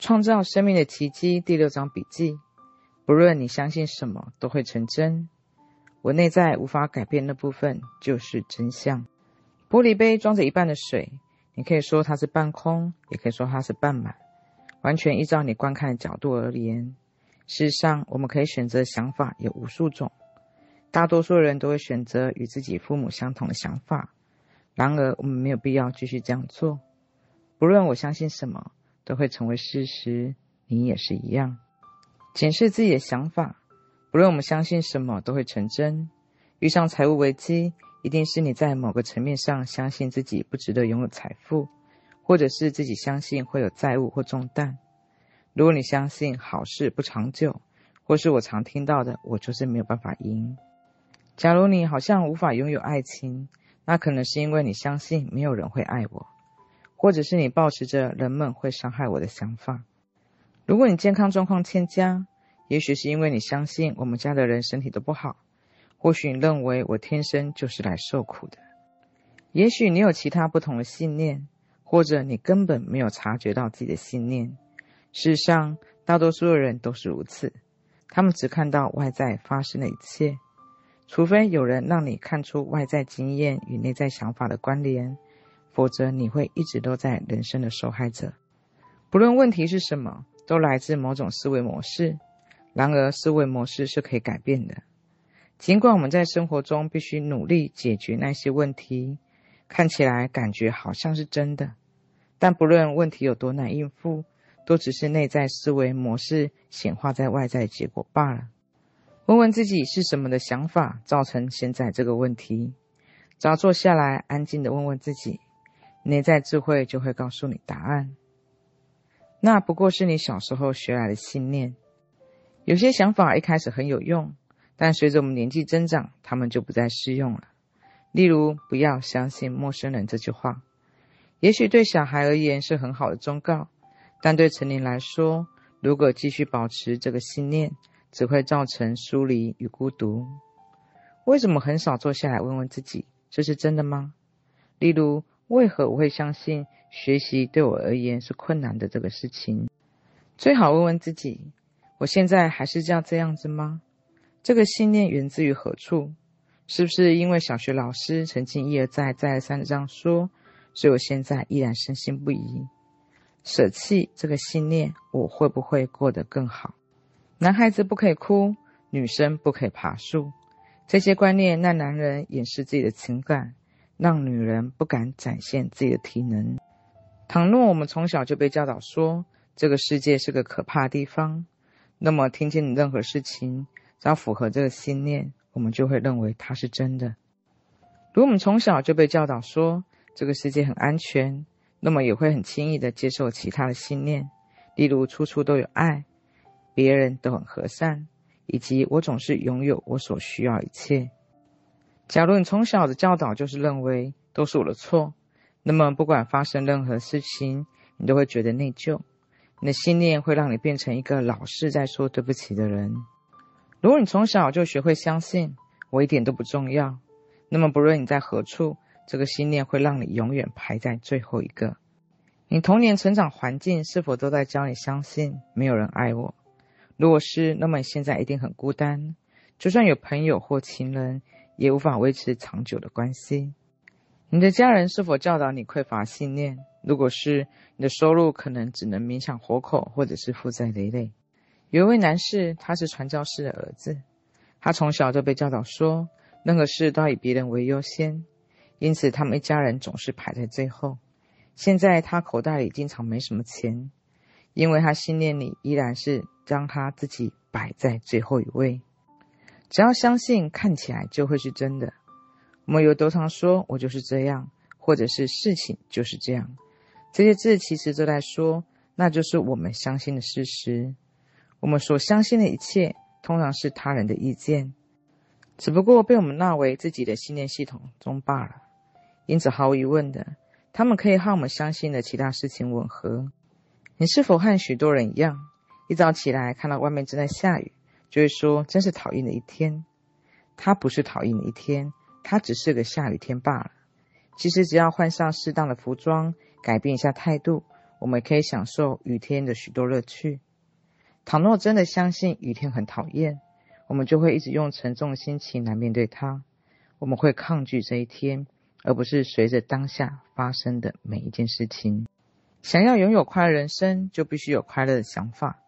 創造生命的奇蹟第六章筆記，不論你相信什麼，都會成真。我內在無法改變的部分就是真相。玻璃杯裝着一半的水，你可以說它是半空，也可以說它是半滿，完全依照你觀看的角度而言。事實上，我們可以選擇的想法有無數種，大多數人都會選擇與自己父母相同的想法。然而，我們沒有必要繼續這樣做。不論我相信什麼，都會成為事實，你也是一樣。檢視自己的想法，不論我們相信什麼，都會成真。遇上財務危機，一定是你在某個層面上相信自己不值得擁有財富，或者是自己相信會有債務或重擔。如果你相信好事不長久，或是我常聽到的“我就是沒有辦法贏”。假如你好像無法擁有愛情，那可能是因為你相信沒有人會愛我。或者是你抱持着人們會傷害我的想法。如果你健康狀況欠佳，也許是因為你相信我們家的人身體都不好，或許你認為我天生就是來受苦的。也許你有其他不同的信念，或者你根本沒有察覺到自己的信念。事實上，大多數的人都是如此，他們只看到外在發生的一切，除非有人讓你看出外在經驗與內在想法的關聯。否則你會一直都在人生的受害者。不論問題是什麼，都來自某種思維模式。然而，思維模式是可以改變的。儘管我們在生活中必須努力解決那些問題，看起來感覺好像是真的，但不論問題有多難應付，都只是內在思維模式顯化在外在結果罷了。問問自己是什麼的想法造成現在這個問題，只要坐下來，安靜的問問自己。內在智慧就會告訴你答案。那不過是你小時候學來的信念。有些想法一開始很有用，但隨着我們年紀增長，他們就不再適用了。例如“不要相信陌生人”這句話，也許對小孩而言是很好的忠告，但對成年人來說，如果繼續保持這個信念，只會造成疏離與孤獨。為什麼很少坐下來問問自己：“這是真的嗎？”例如。為何我會相信學習對我而言是困難的這個事情？最好問問自己：我現在還是這樣這樣子嗎？這個信念源自於何處？是不是因為小學老師曾經一而再、再而三的這樣說，所以我現在依然深信不疑？捨棄這個信念，我會不會過得更好？男孩子不可以哭，女生不可以爬樹，這些觀念讓男人掩飾自己的情感。讓女人不敢展現自己的體能。倘若我們從小就被教導說這個世界是個可怕的地方，那麼聽見任何事情只要符合這個信念，我們就會認為它是真的。如果我們從小就被教導說這個世界很安全，那麼也會很輕易的接受其他的信念，例如處處都有愛，別人都很和善，以及我總是擁有我所需要一切。假如你從小的教導就是認為都是我的錯，那麼不管發生任何事情，你都會覺得內疚。你的信念會讓你變成一個老是在說對不起的人。如果你從小就學會相信我一點都不重要，那麼不論你在何處，這個信念會讓你永遠排在最後一個。你童年成長環境是否都在教你相信沒有人愛我？如果是，那麼你現在一定很孤單。就算有朋友或情人。也無法維持長久的關係。你的家人是否教導你匱乏信念？如果是，你的收入可能只能勉強活口，或者是負債累累。有一位男士，他是傳教士的兒子，他從小就被教導說，任何事都要以別人為優先，因此他們一家人總是排在最後。現在他口袋裡經常沒什麼錢，因為他信念裡依然是將他自己擺在最後一位。只要相信，看起來就會是真的。我們有多常說“我就是這樣”，或者是“事情就是這樣”，這些字其實都在說，那就是我們相信的事實。我們所相信的一切，通常是他人的意見，只不過被我們納為自己的信念系統中罷了。因此，毫無疑問的，他們可以和我們相信的其他事情吻合。你是否和許多人一樣，一早起來看到外面正在下雨？就是說，真是討厭的一天。它不是討厭的一天，它只是個下雨天罷了。其實，只要換上適當的服裝，改變一下態度，我們也可以享受雨天的許多樂趣。倘若真的相信雨天很討厭，我們就會一直用沉重的心情來面對它。我們會抗拒這一天，而不是隨着當下發生的每一件事情。想要擁有快樂人生，就必須有快樂的想法。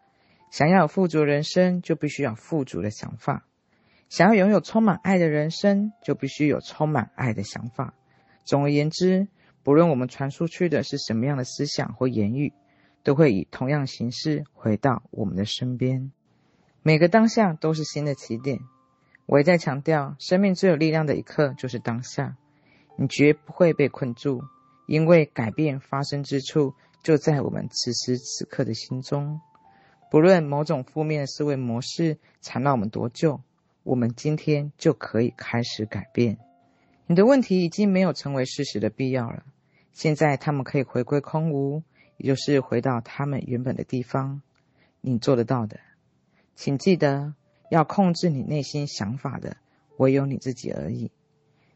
想要有富足的人生，就必須要富足的想法；想要擁有充滿愛的人生，就必須有充滿愛的想法。總而言之，不論我們傳出去的是什麼樣的思想或言語，都會以同樣形式回到我們的身邊。每個當下都是新的起點。我一再強調，生命最有力量的一刻就是當下。你絕不會被困住，因為改變發生之處就在我們此時此刻的心中。不論某種負面的思維模式纏繞我們多久，我們今天就可以開始改變。你的問題已經沒有成為事實的必要了，現在他們可以回歸空無，也就是回到他們原本的地方。你做得到的，請記得要控制你內心想法的，唯有你自己而已。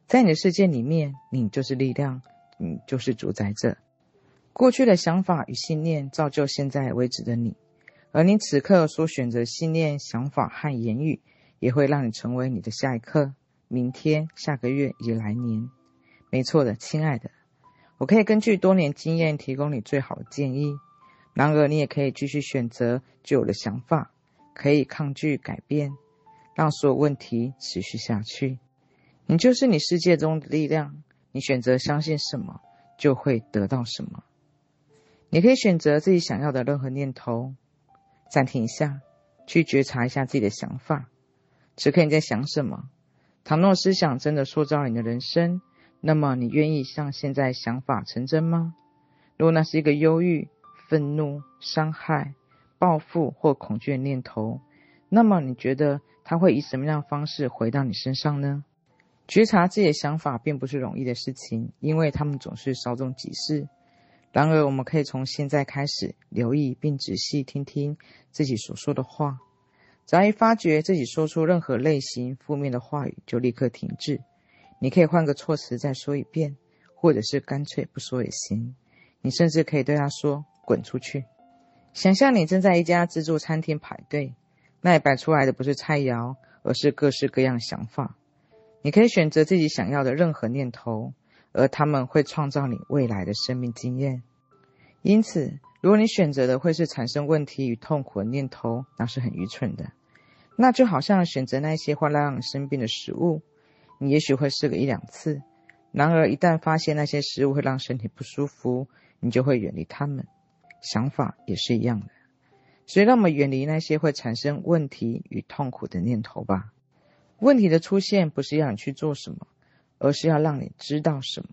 在你的世界裡面，你就是力量，你就是主宰者。過去的想法與信念造就現在為止的你。而你此刻所選擇信念、想法和言語，也會讓你成為你的下一刻、明天、下個月以及來年。沒錯的，親愛的，我可以根據多年經驗提供你最好的建議。然而，你也可以繼續選擇舊的想法，可以抗拒改變，讓所有問題持續下去。你就是你世界中的力量。你選擇相信什麼，就會得到什麼。你可以選擇自己想要的任何念頭。暫停一下，去覺察一下自己的想法。此刻你在想什麼？倘若思想真的塑造了你的人生，那麼你願意像現在想法成真嗎？如果那是一個憂鬱、憤怒、傷害、報復或恐懼的念頭，那麼你覺得它會以什麼樣的方式回到你身上呢？覺察自己的想法並不是容易的事情，因為他們總是稍縱即逝。然而，我們可以從現在開始留意並仔細聽聽自己所說的話。只要一發覺自己說出任何類型負面的話語，就立刻停止。你可以換個措辭再說一遍，或者是乾脆不說也行。你甚至可以對它說：“滾出去！”想象你正在一家自助餐廳排隊，那裡擺出來的不是菜肴，而是各式各樣想法。你可以選擇自己想要的任何念頭。而他們會創造你未來的生命經驗，因此，如果你選擇的會是產生問題與痛苦的念頭，那是很愚蠢的。那就好像選擇那些會來讓你生病的食物，你也許會試個一兩次，然而一旦發現那些食物會讓身體不舒服，你就會遠離他們。想法也是一樣的，所以讓我們遠離那些會產生問題與痛苦的念頭吧。問題的出現不是要你去做什麼。而是要讓你知道什麼？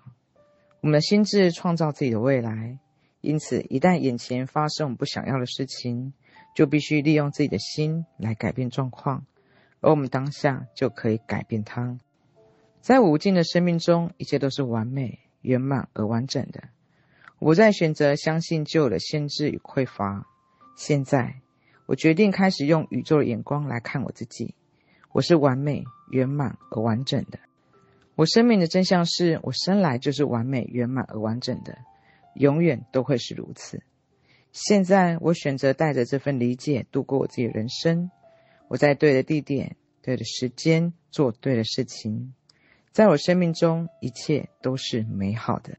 我們的心智創造自己的未來，因此一旦眼前發生我們不想要的事情，就必須利用自己的心來改變狀況，而我們當下就可以改變它。在無盡的生命中，一切都是完美、圓滿而完整的。我在選擇相信舊的限制與匱乏。現在，我決定開始用宇宙的眼光來看我自己。我是完美、圓滿而完整的。我生命的真相是，我生來就是完美、圓滿而完整的，永遠都會是如此。現在，我選擇帶着這份理解度過我自己的人生。我在對的地點、對的時間做對的事情，在我生命中，一切都是美好的。